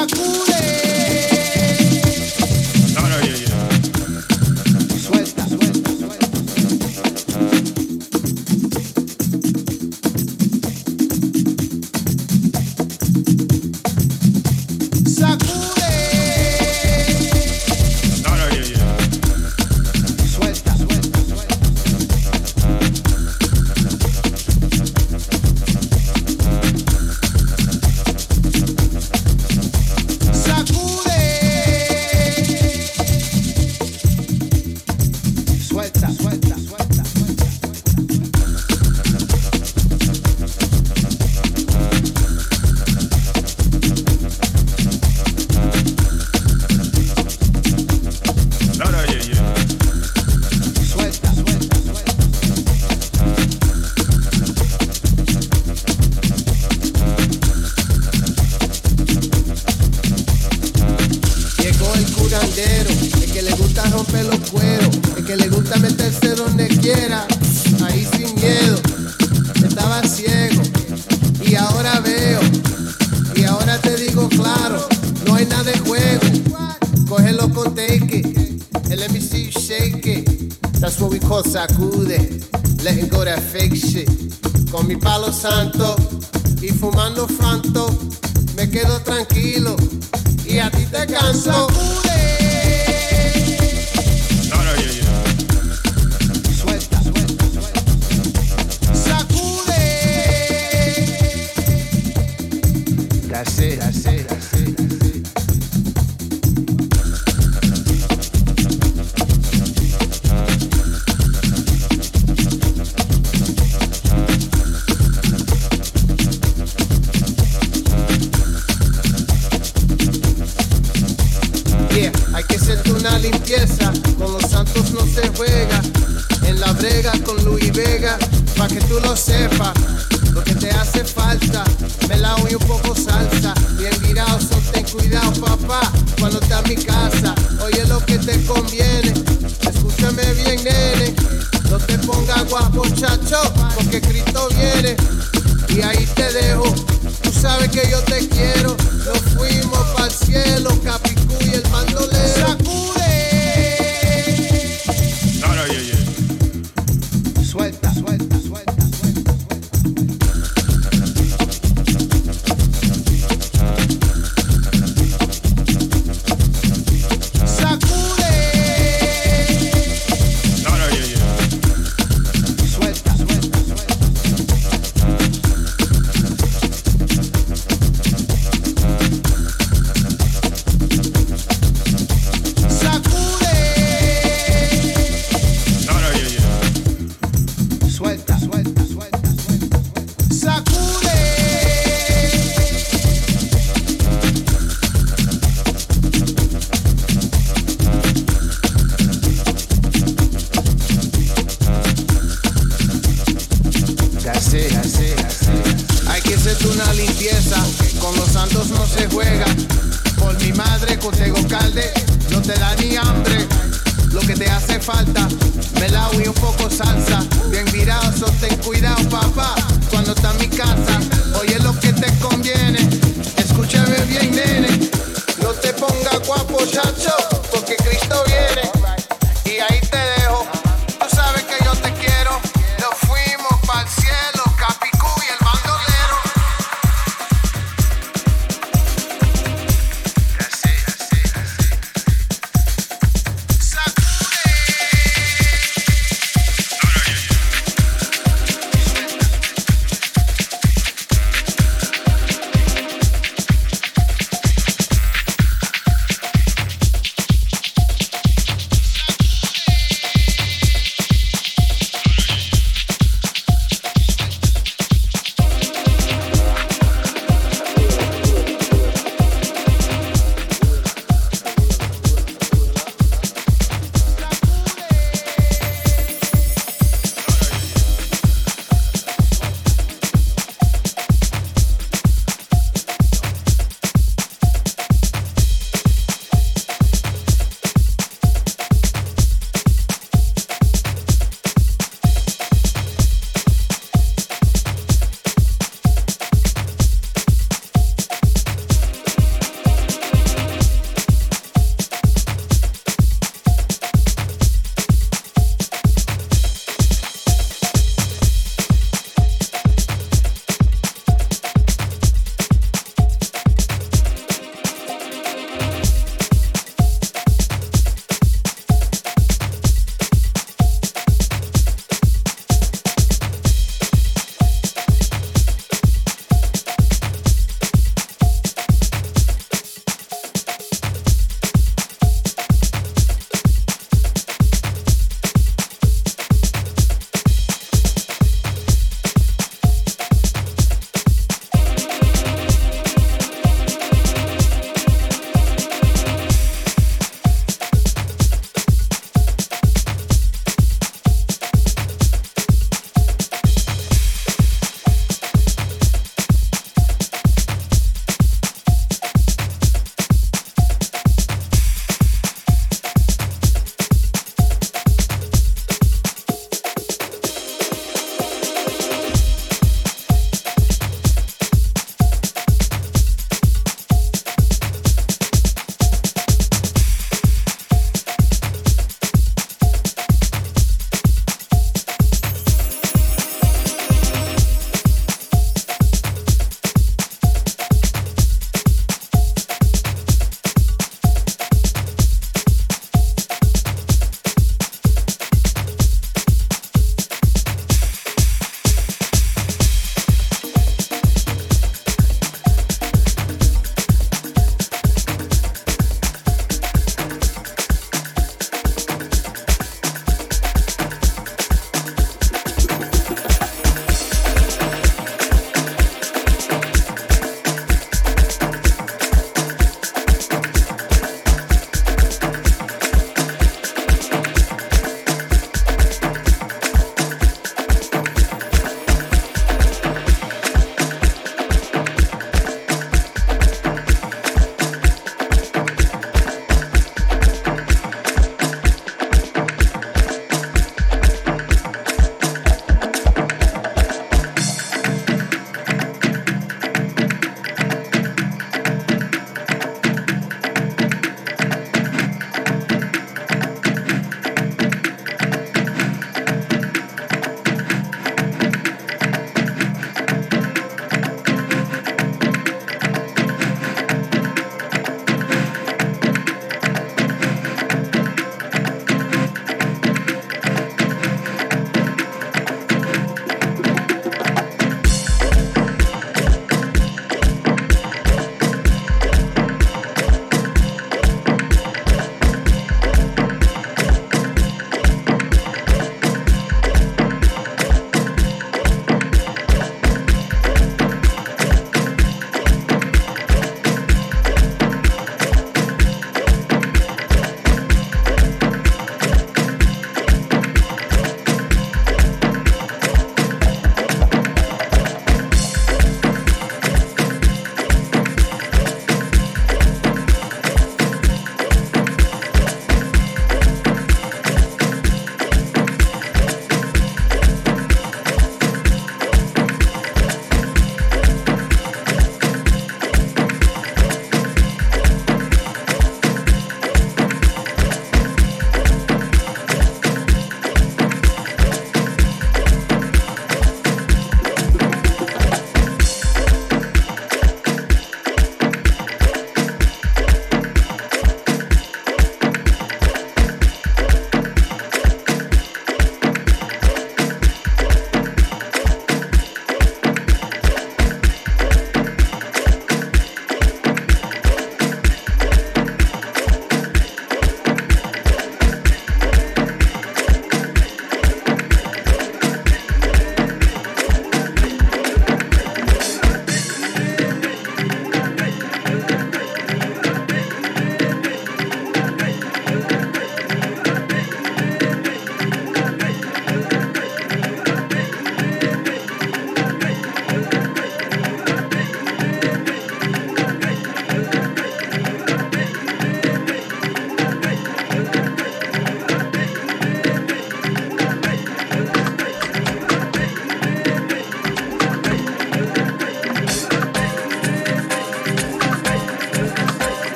la cuna. contigo calde, no te da ni hambre. Lo que te hace falta, melao y un poco salsa. Bien virado, ten cuidado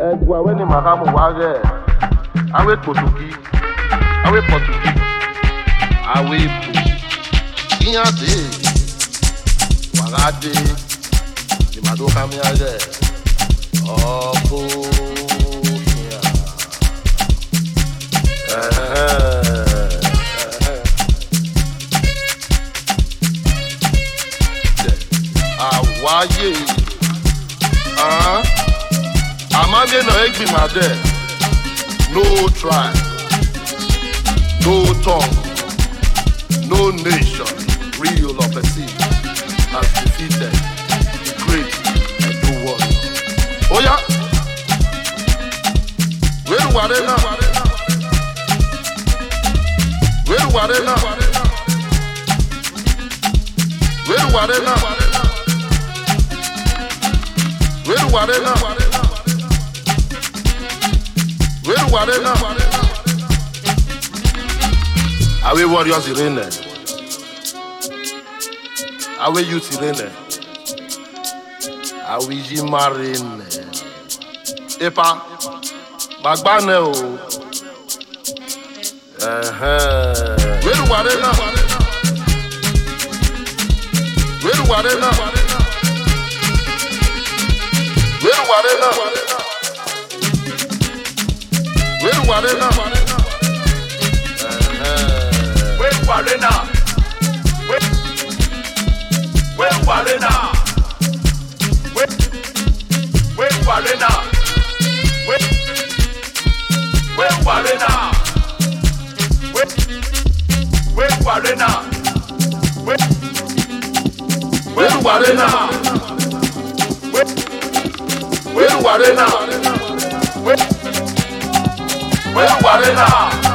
egwu aweni makamu wage awe kotugi awe potugi awe bu iyade wagade jimado kamiage ọkụ ya. Uh-huh. wáyé. Uh -huh. Amage no egg be my No tribe, no tongue, no nation, real or perceived, has defeated the great and the world. Oh yeah. Where do I now? Where do I now? Where do I now? Where do I now? Buhari náà. Àwé warriors rè nẹ̀. Àwé youth rè nẹ̀. Àwé yimá rè nẹ̀. Ipa gbàgbá nẹ̀ o. Wéru Buhari náà. Wéru Buhari náà. Wéru Buhari náà. warena. Where warena. Where warena. Where warena. Where warena. Where warena. Where warena. Where warena. Where warena. Where you are now?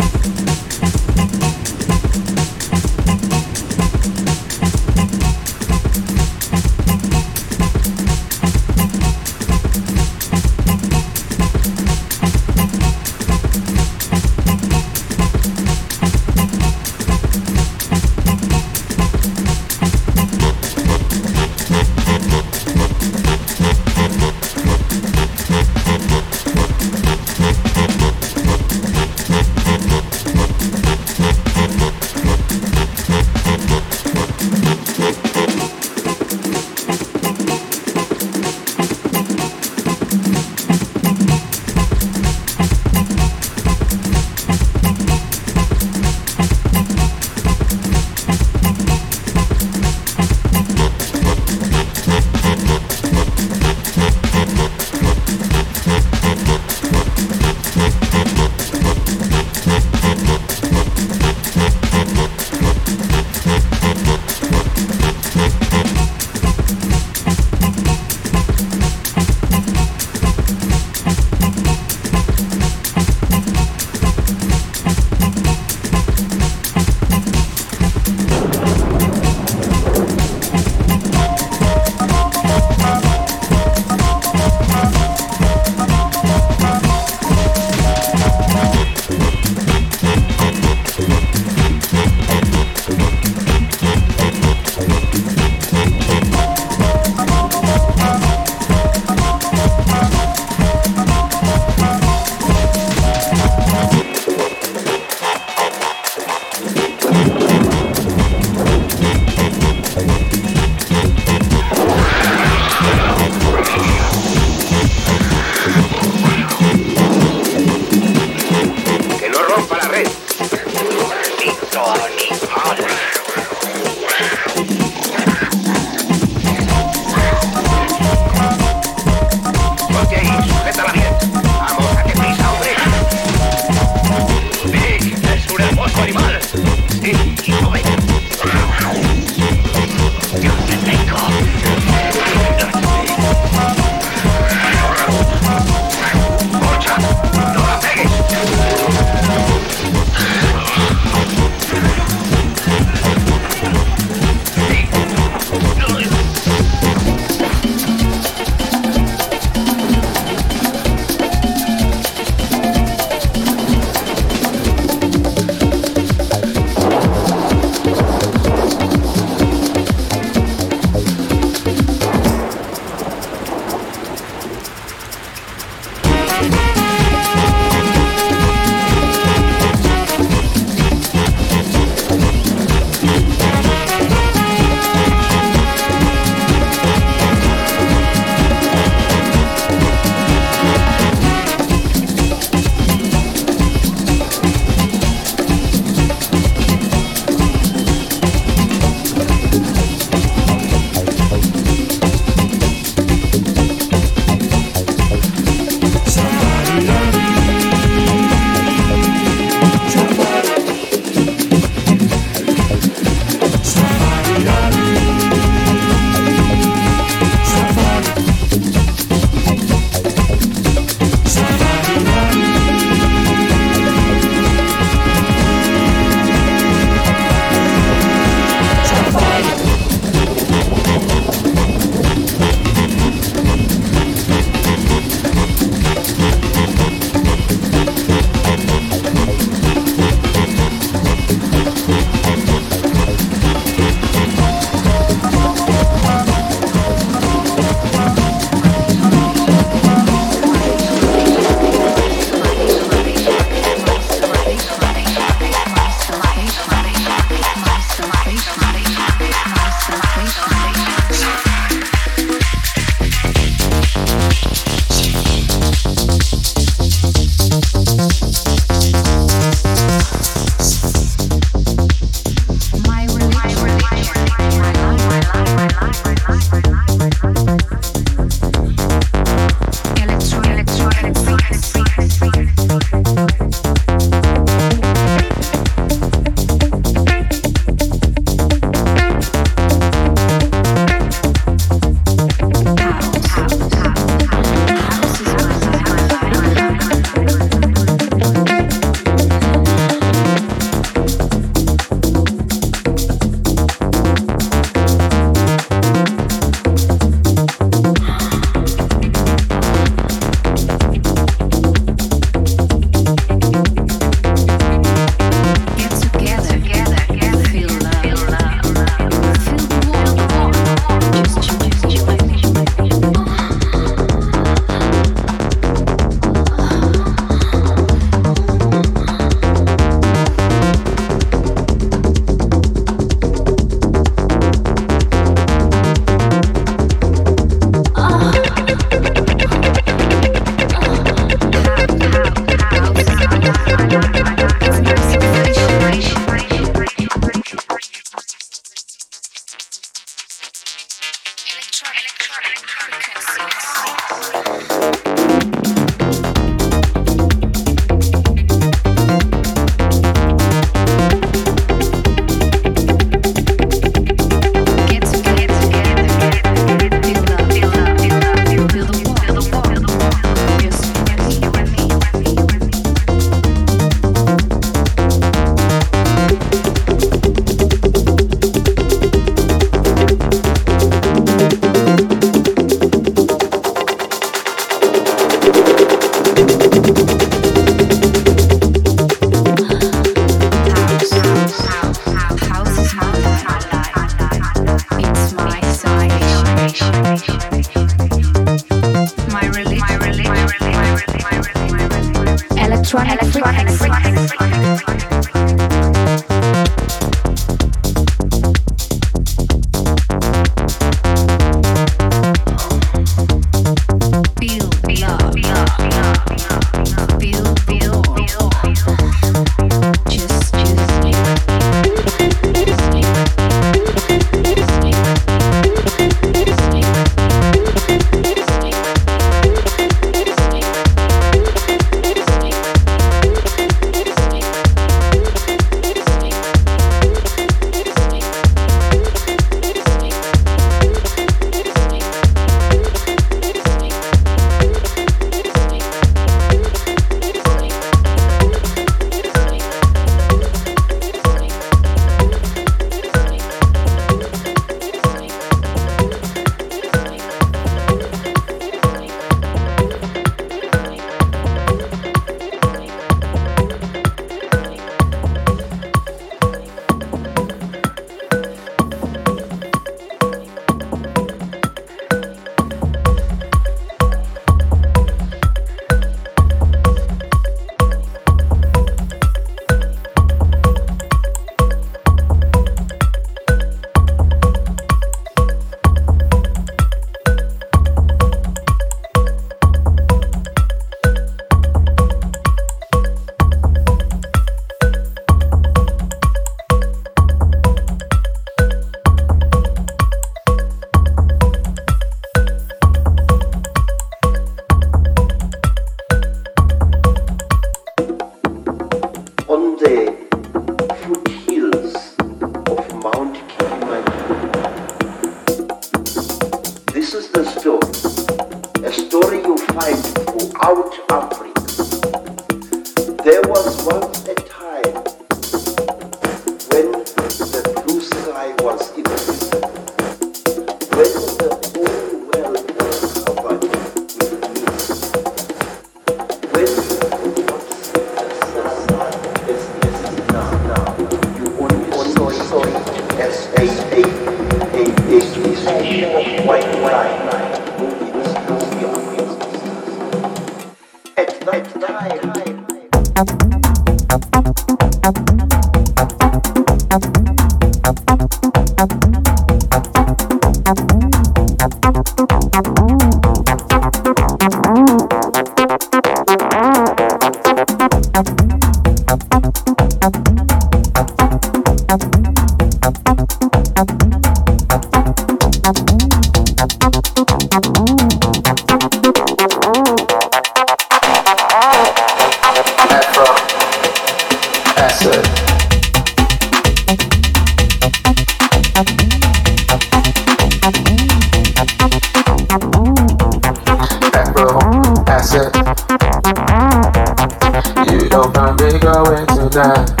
Going tonight.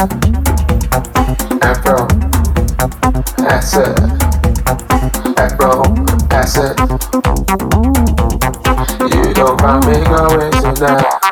Afro, acid. Afro, acid. You don't mind me going tonight.